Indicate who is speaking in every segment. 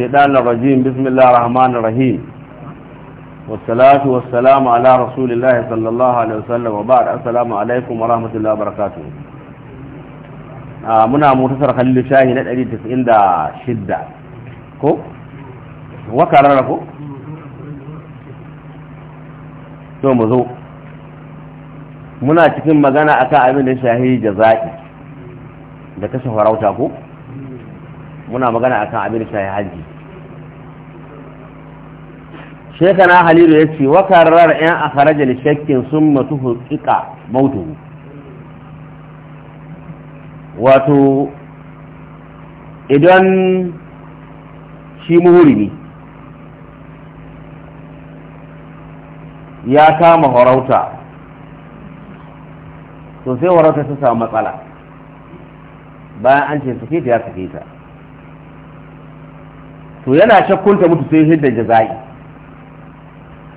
Speaker 1: الشيطان الرجيم بسم الله الرحمن الرحيم والصلاة والسلام على رسول الله صلى الله عليه وسلم وبعد السلام عليكم ورحمة الله وبركاته ko wakarara ko to mu zo muna cikin magana akan abin da shahi da kashe farauta ko muna magana akan abin da shahi haji shekana halilu ya ce wa karar yan a farajar shakkin sun matu hulƙiƙa mautu wato idan shi muhurimi ya kama horauta to sai horauta ta samu matsala bayan an ce suke ta ya suke ta to yana shakkunta mutu sai hidda jaza'i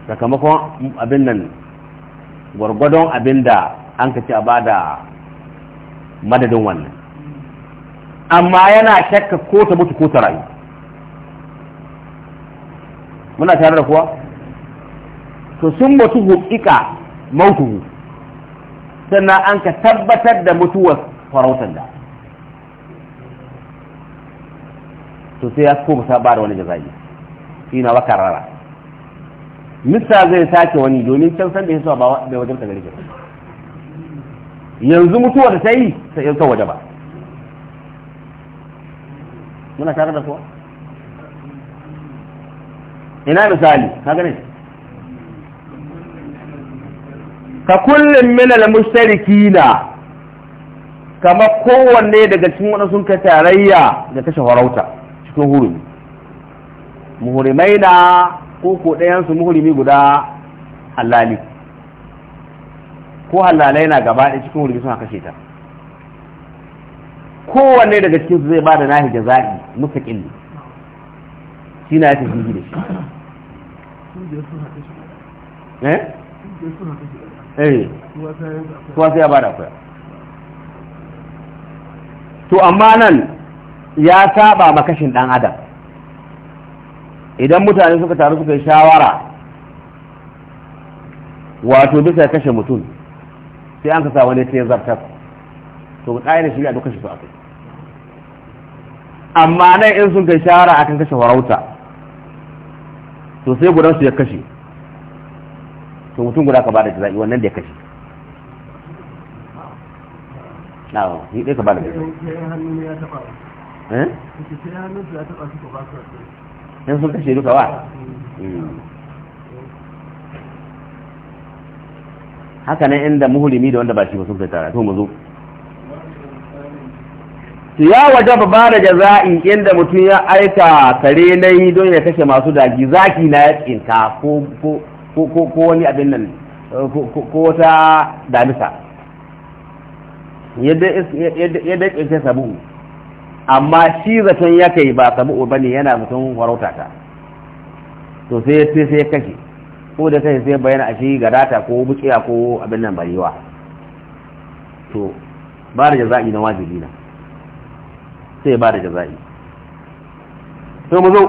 Speaker 1: sakamakon abin nan gwargwadon abin da an ka ci a da madadin wannan amma yana shakka ko ta mutu ko ta rayu muna tare da kuwa to sun mutu hukika mautuhu sannan an ka tabbatar da mutuwar farautar da to sai ya koma ba da wani jazayi shi na wakarara mista zai sake wani domin can san da ya ba bai wajen ta garke yanzu mutuwa da ta yi sai yanka waje ba muna tare da kuwa ina misali ka gane ka kullum min al na kama kowanne daga cikin sun ka tarayya da kashe farauta cikin hurumi muhurimai na ko ko ɗayansu muhrimi guda halali ko halalai na gaba ɗaya cikin hurumi suna kashe ta kowanne daga cikin su zai ba da nahi jaza'i mustaqilli shi na yake jigi da shi eh eh kuwa sai ya ba da kuya to amma nan ya saba makashin dan adam idan mutane suka taru suka yi shawara wato bisa kashe mutum sai an kasa wani sai zartar to ƙa'idar shi duk kashe su a kai, amma nan in sun kai shawara akan kashe farauta to sai gudan su ya kashe to mutum guda ka bada jira'i wannan da ya kashe na'am shi dai ka bada jaza'i eh in sun kashe duka wa haka nan inda muhulimi da wanda ba shi ba sun kai to mu zo ya waje ba da jaza'i inda mutum ya aika kare na yi don ya kashe masu dagi zaki na ya tsinka ko wani abin nan ko wata damisa yadda ya tsinka sabu amma shi zaton ya kai ba sabu ba ne yana mutum warauta ta to sai ya sai ya kashe ko da kai sai bayyana a shi garata ko bukiya ko abin nan barewa to ba da jaza'i na wajibi na sai ba da jaza'i to mu zo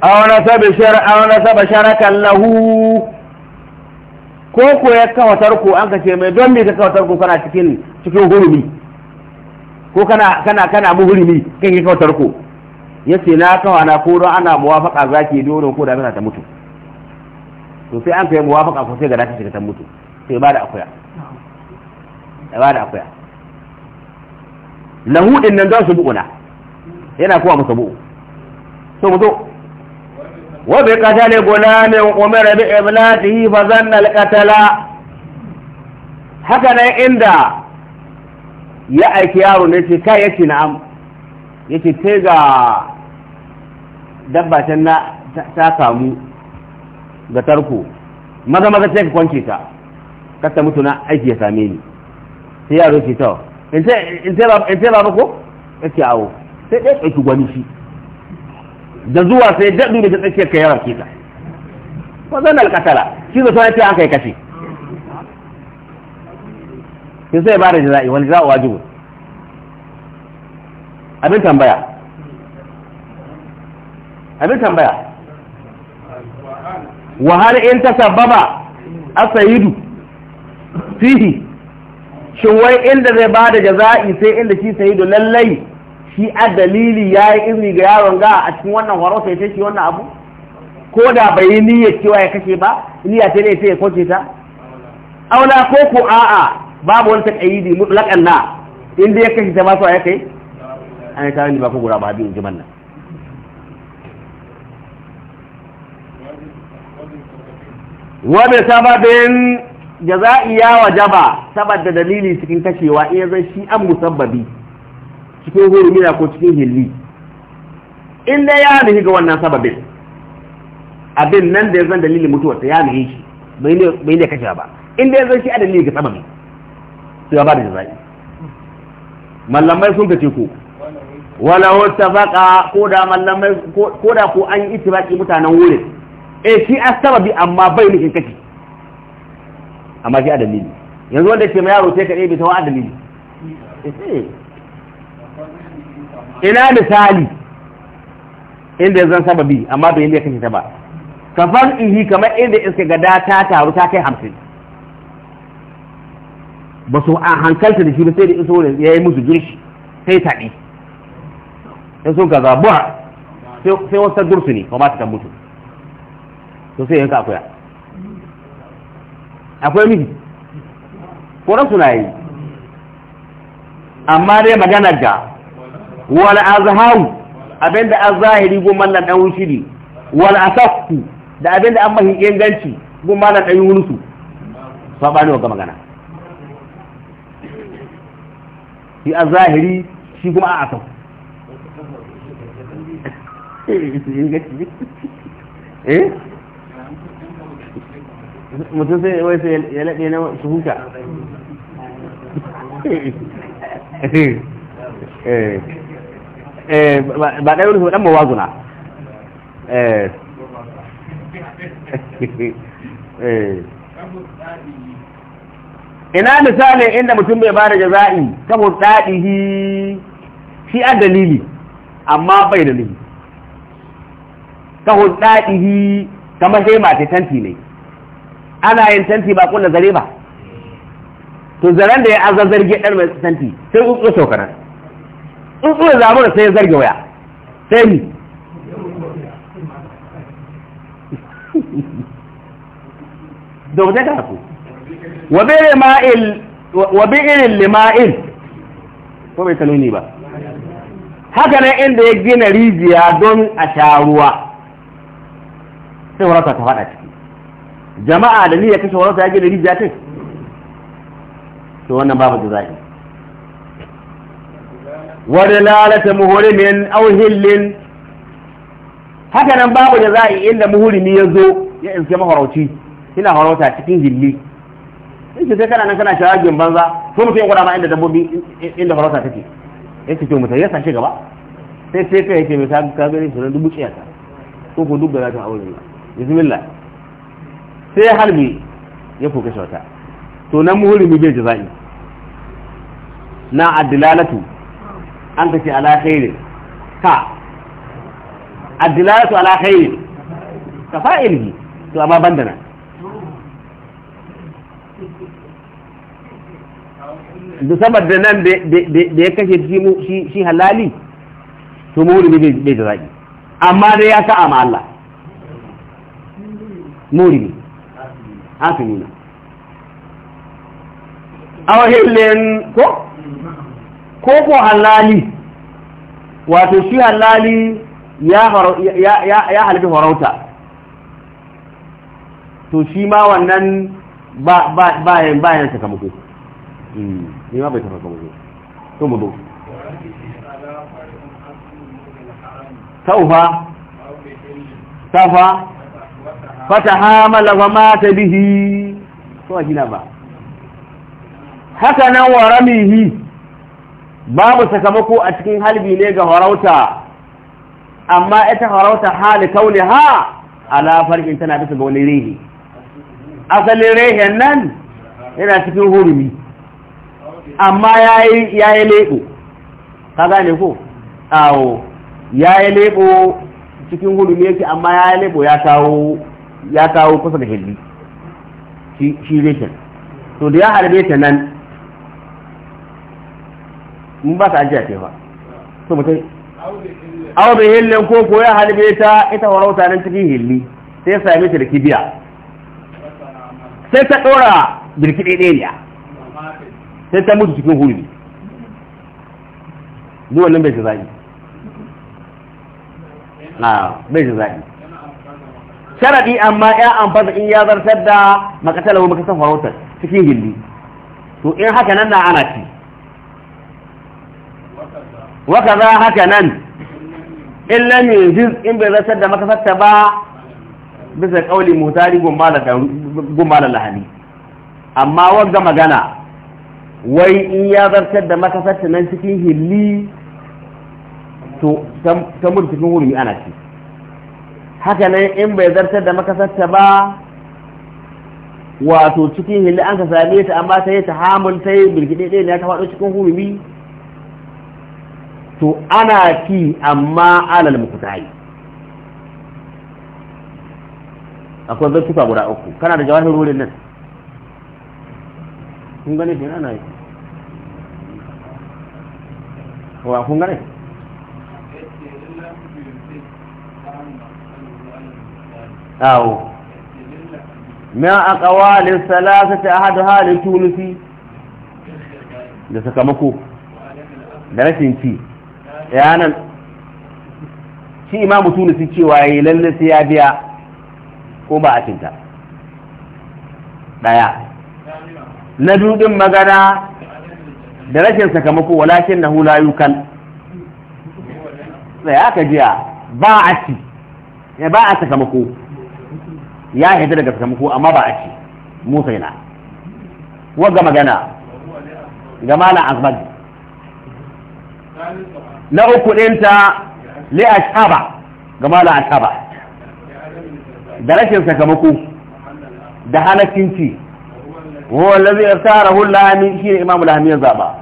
Speaker 1: awana nasaba shar awana nasaba sharakan lahu ko ko ya kawatar ko an kace mai don me ka kawatar ko kana cikin cikin gurbi ko kana kana kana muhrimi kan yi kautar ko yace na kawa na ko don ana muwafaka zaki dole ko da ta mutu to sai an kai muwafaka ko sai ga ta shiga ta mutu sai ba da akuya ba da akuya lahu din nan za su bu'una yana kowa musu bu'u so mu zo wa bi qatali gulamin umara bi iblatihi fa zanna al qatala haka nan inda ya aiki yaro ne ce kai yake na'am yake ce ga dabba ta na ta kamu ga tarko maza maza ce ka kwanke ta kasta mutu na aiki ya same ni sai yaro ce ta in sai babu ko ce awo sai ɗaya ɗauki gwani shi da zuwa sai daɗu da ta tsakiyar ka yaran kita ko zan alƙatala shi zo sai ya ce an kai kashe sai zai ba da jaza'i wani jaza'u wajibu abin tambaya abin tambaya wa in ta sababa a sayidu fihi shin wai inda zai ba da jaza'i sai inda shi sayidu lallai shi a dalili ya yi izini ga yaron ga a cikin wannan horo sai ta shi wannan abu ko da bai yi niyyar cewa ya kashe ba niyyar ta ne sai ya kwace ta aula ko ku a'a babu wani taqayidi mutlaqan na inda ya kashi ta ba su ayaka yi an yi ta ni ba ku gura ba bin jiman nan wani sababin za iya wa jaba saboda dalili cikin kashewa iya zai shi an musabbabi cikin hurumina ko cikin hilli inda ya nuhi ga wannan sababin abin nan da ya zan dalilin mutuwarsa ya nuhi shi bai ne kashewa ba inda ya zan shi a dalili ga sababin sai ya ba da jaza'i mallamai sun ka ko wala wata baka ko da mallamai ko da ko an yi itibaki mutanen wurin e shi a sababi amma bai nufin kake amma shi a dalili yanzu wanda ke yaro sai ka ɗebe ta wa dalili eh, eh.
Speaker 2: ina misali
Speaker 1: inda zan sababi amma bai yi kake ta ba kafar ihi kamar inda iska ga ta taru ta kai hamsin ba su a hankalta da shi ba sai da iso ya yi musu girshi sai taɗi in sun ka zabuwa sai wasu dursu ne ba ta mutu to sai yanka akuya akwai miji ko suna na yi amma dai magana ga wal azharu abinda an zahiri gumman nan dan wushiri a asafku da abinda an mahi inganci gumman nan dan yunusu sabani wa magana shi a zahiri shi kuma a asau eh? mutum sai wai sai ya laɗe na su huta eh. Eh. ba ɗaya wani ina misalin inda mutum bai bada jaza'i saboda dadihi shi a dalili amma bai da dalili saboda dadihi kamar sai ma tanti ne ana yin tanti ba kullu zare ba to zaren da ya aza zarge dan mai tanti sai tsutsu saukaran tsutsu zamu da sai zarge waya sai ni da wajen karatu wa bi'ir ma'il wa ko bai kanuni ba haka nan inda ya gina rijiya don a sha ruwa sai wurata ta faɗa ciki jama'a da ni ya kashe wurata ya gina rijiya ce to wannan babu jazai wa dalalata muhrimin aw hillin haka nan babu zai inda muhrimi ya zo ya iske mahorauci ina horauta cikin hilli ce sai kana nan kana shawagin banza ko mutum ya gwada ma inda dabbobi inda farauta take yace ce mutum ya sashi gaba sai sai kai yake mai ka gani su dubu kiyata ko ko duk da za ta aure ba bismillah sai halbi ya kuka shauta to nan muhulimi bai jaza'i na adilalatu an ta ala khairin ka adilalatu ala khairin ka fa'ilhi to amma bandana da sabar da nan da ya kashe shi halali to murimi bai da zaki amma dai ya sa'a ma Allah murimi asimi a wahilin ko ko ko halali wato shi halali ya halibi farauta to shi ma wannan bayan sakamako ne ma bai tafi ba wajen to mu zo taufa tafa
Speaker 2: fatahamala
Speaker 1: wa mata bihi to ajina ba haka nan wa ramihi babu sakamako a cikin halbi ne ga harauta amma ita harauta hali kauli ha ala farkin tana bisa ga wani rehi asalin rehen nan yana cikin hurumi amma ya yi leɓo ka gane ko awo ya yi leɓo cikin hudu ne yake amma ya yi leɓo ya kawo kusa da hilli shi reshen to da ya harbe ta nan mun ba ka ajiya ce ba so mutai awo bai hillin ko ko ya harbe ta ita warauta nan cikin hilli sai ya sami ta da kibiya sai ta ɗora birki ɗaya ɗaya sai ta mutu cikin hurumi ni wannan bai jaza'i a bai jaza'i sharadi amma ya amfasa in ya zartar da makasala ko makasar farautar cikin gindi to in haka nan na ana ci waka za haka nan in lam jiz in bai zartar da ta ba bisa kauli mutari gumbala da lahani amma wanda magana wai in ya zartar da makasarta nan cikin hilli to ta mutu cikin hurumi ana ce haka nan in bai zartar da makasarta ba wato cikin hilli an ka same ta amma ta yi ta hamul ta yi birkiɗe ɗaya ya ta faɗo cikin hurumi to ana ci amma alal mukutai akwai zartuka guda uku kana da jawahin wurin nan kun gane shi ana yi wa kun gane awo min aqwalin salasati ahaduha li tulusi da sakamako da rashin ci nan shi imamu tulusi cewa yayi lalle sai ya biya ko ba a cinta daya na dudin magana da rashin sakamako walakin na hula yukan sai aka jiya ba a ci ya eh, ba a sakamako ya haifar daga sakamako amma ba a ci musa yana waga magana ga na azmad na uku ɗinta li ashaba ga malam ashaba da rashin sakamako da halakin ci huwa allazi iftarahu lami shi ne imamu lami ya zaba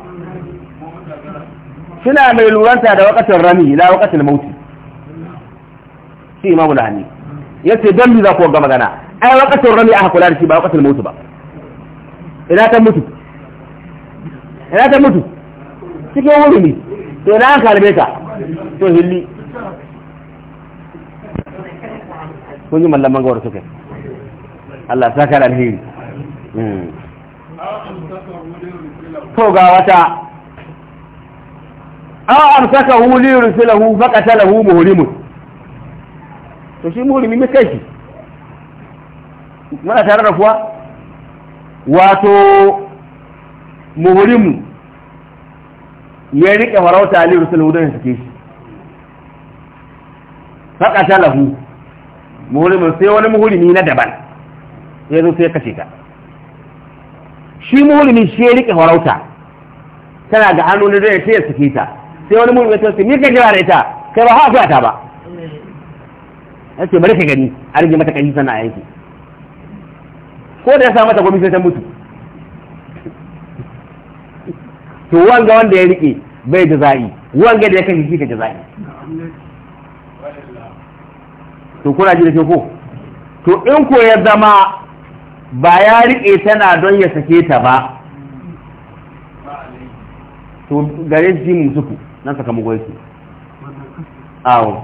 Speaker 1: suna mai luranta da wakatin rami la wakatin mauti shi imamu lami yace dan bi za ku ga magana ai wakatin rami aka kula da shi ba wakatin mauti ba ina ta mutu ina ta mutu cikin wuri ne to ina ka albe ka to hilli kun yi mallaman gawar suke Allah saka alheri Hmm. to ga wata an amsaka hu li yursilahu faqatalahu muhrimun to shi muhrimi ne kai shi mana tare da kuwa wato muhrimu ya rike farauta li yursilahu don sake shi faqatalahu muhrimun sai wani muhrimi na daban ya zo sai ya kace ka shi mulmi shi ya rike farauta tana ga hannu na zai ce ya suke ta sai wani mulmi ta ce mika jira da ita kai ba hafiya ta ba ya ce bari ka gani a rage mata kaji sana yake ko da ya sa mata gwamnati ta mutu to wanga wanda ya rike bai da za'i wanga da ya kashe shi ka da
Speaker 2: za'i
Speaker 1: to kuna ji da ke ko to in ko ya zama ba ya riƙe tana don ya sake ta ba to gare shi mun suku nan sakamakon su awo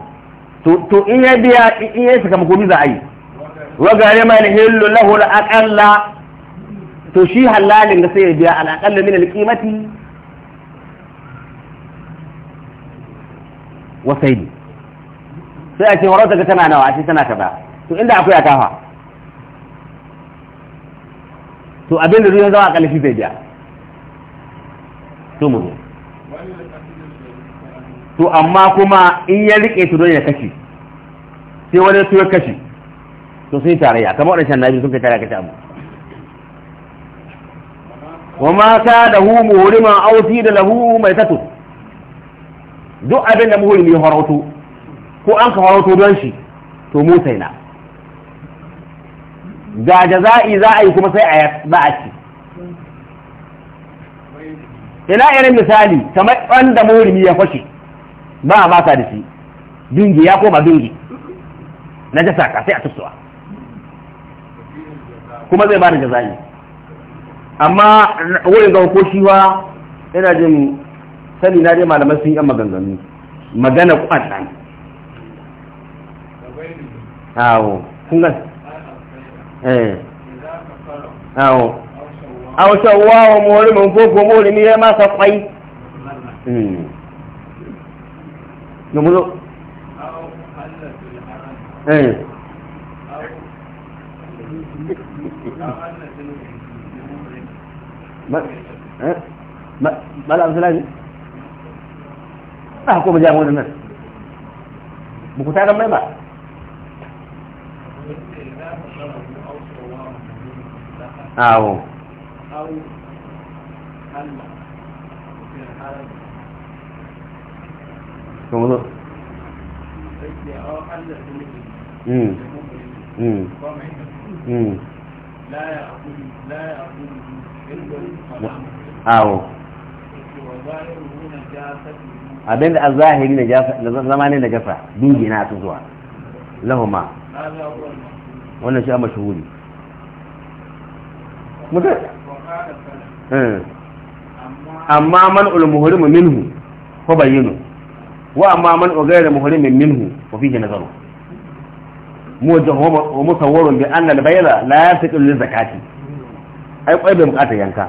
Speaker 1: to in ya biya in ya sakamako a yi. wa gare ma ni hillu lahu la aqalla to shi halalin da sai ya biya al aqalla min al qimati wa sai sai a ce warata ga tana nawa a ce tana kaza to inda akwai kafa to abin da zuwan zama a kalifi zai biya to mu to amma kuma in ya rike su don ya kashi sai wani su ya kashi to sun yi tarayya kamar shan nabi sun kai tarayya kashi abu wa ma ka da hu muhuriman auti da lahu mai tatu duk abin da muhurimi ya farauto ko an ka farauto don shi to na. ga jaza'i za a yi kuma sai a ba a ci ina irin misali kamar wanda murimi ya fashe ba a basa da shi dingi ya koma dingi na jasa ka sai a tutsuwa kuma zai ba da jaza'i amma wurin ga hukoshi wa ina jin sani na dai malaman sun yi maganganu magana kwan nan awo kun àwòṣọ eh. wá ọmọ orí mọ̀ gbogbo ọmọ orí mi yẹ ko ta ba awo kuma zo mm. mm. mm. awo abin da a zahiri na zama ne na gasa dingina na tuzuwa lahuma wannan shi a mashahuri Eh. amma man ulmuhurimu minhu fa bayyinu wa amma man ugayra muhurimin minhu fa fihi nazaru mu wa musawwarun bi anna al-bayla la yasiqu li zakati ai kwai bai bukata yanka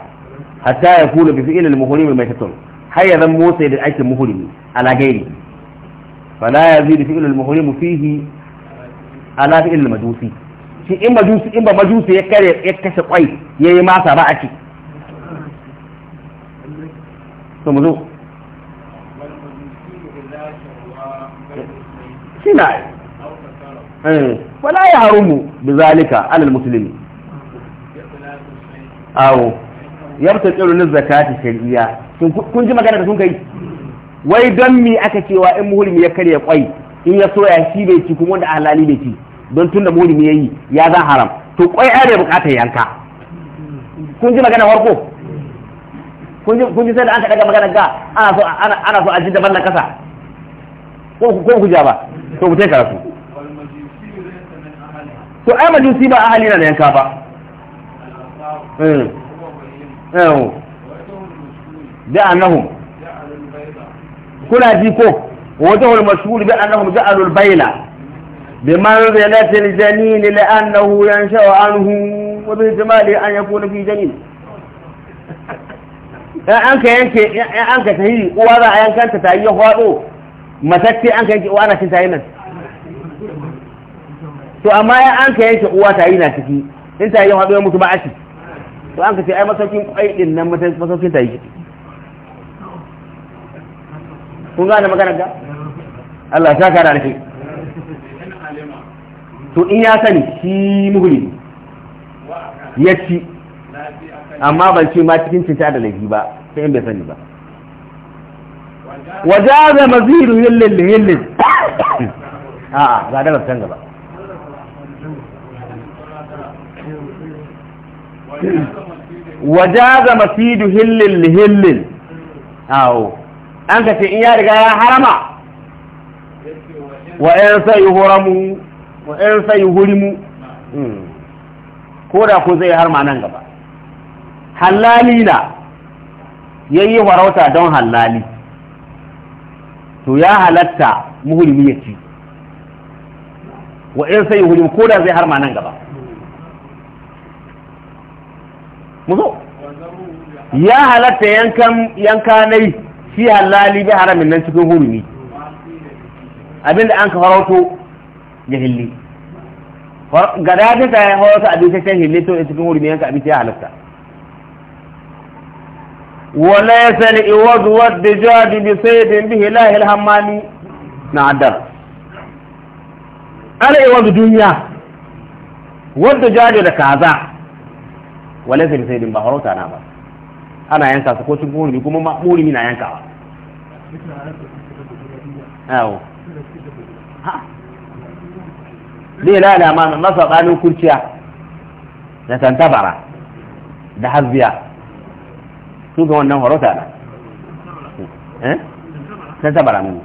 Speaker 1: hatta ya kula bi fi'il al-muhurimi mai tatun hayya ya musa motsa da aikin muhurimi ala gairi la yazidu fi'il al-muhurimi fihi ala fi'il al madusi. shi in majusi in ba majusi ya kare ya kashe kwai ya yi masa ba a ci so mu zo shina eh. wala ya harumu bi zalika alal muslimi awo yabta tsirin zakati shari'a kun ji magana da sun kai wai don mi aka cewa in muhulmi ya karya kwai in ya soya shi bai ci kuma wanda halali bai ci don tun da mulimi yi ya zan haram to kwai ai bukatar yanka kun ji magana farko kun ji kun ji sai da an daga magana ga ana so a ji daban na kasa ko ku ja ba to ku tai karatu to ai majusi ba ahali na da yanka ba da eh. eh. annahum kuna ji ko wajen mashhur bi annahum ja'alul bayla بمنزلة الجنين لأنه ينشأ عنه وباحتمال أن يكون في جنين an ka yanke an ka tahi uwa za a yankanta ta yi ya hwado matacce an yanke uwa na cin tayi nan to amma ya an ka yanke uwa tayi na ciki in tayi ya hwado ya mutu ba a ci to an ka ce ai masaukin kwai din nan masaukin tayi ciki kun gane magana ga Allah ya saka da alheri to in ya sani shi muhuli
Speaker 2: ya ci amma ban ce ma
Speaker 1: cikin cinta da laifi ba sai in bai sani ba wajaza maziru hillin da hillin a'a ga da can gaba wajaza masidu hillin da hillin awo an ka ce in ya riga ya harama wa 'yan sai horamu wa in sai mu hmm. ko da ko zai har ma nan gaba halali na yayi farauta don halali to ya halatta muhulmi ya ci wa in sai mu ko da zai har ma nan gaba muzo ya halatta yankan yankanai shi halali bi haramin nan cikin hurumi abinda an ka farauto ya hilli ga da ta ya hawa wasu abinci sai hilli to cikin wuri mai yanka abinci ya halatta wala ya sani iwazu wadda jadi bi sayyidin bihi lahil hammami na addar ala iwazu duniya wadda jadi da kaza wala ya sani sayyidin ba harauta na ba ana yanka su ko cikin wuri kuma ma'uri na yankawa awo zai lada masa tsanin kurciya da tantabara da hasbiya su ga wannan horota da eh? tantabara mun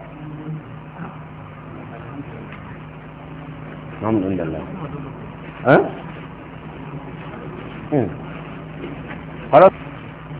Speaker 1: eh hmm.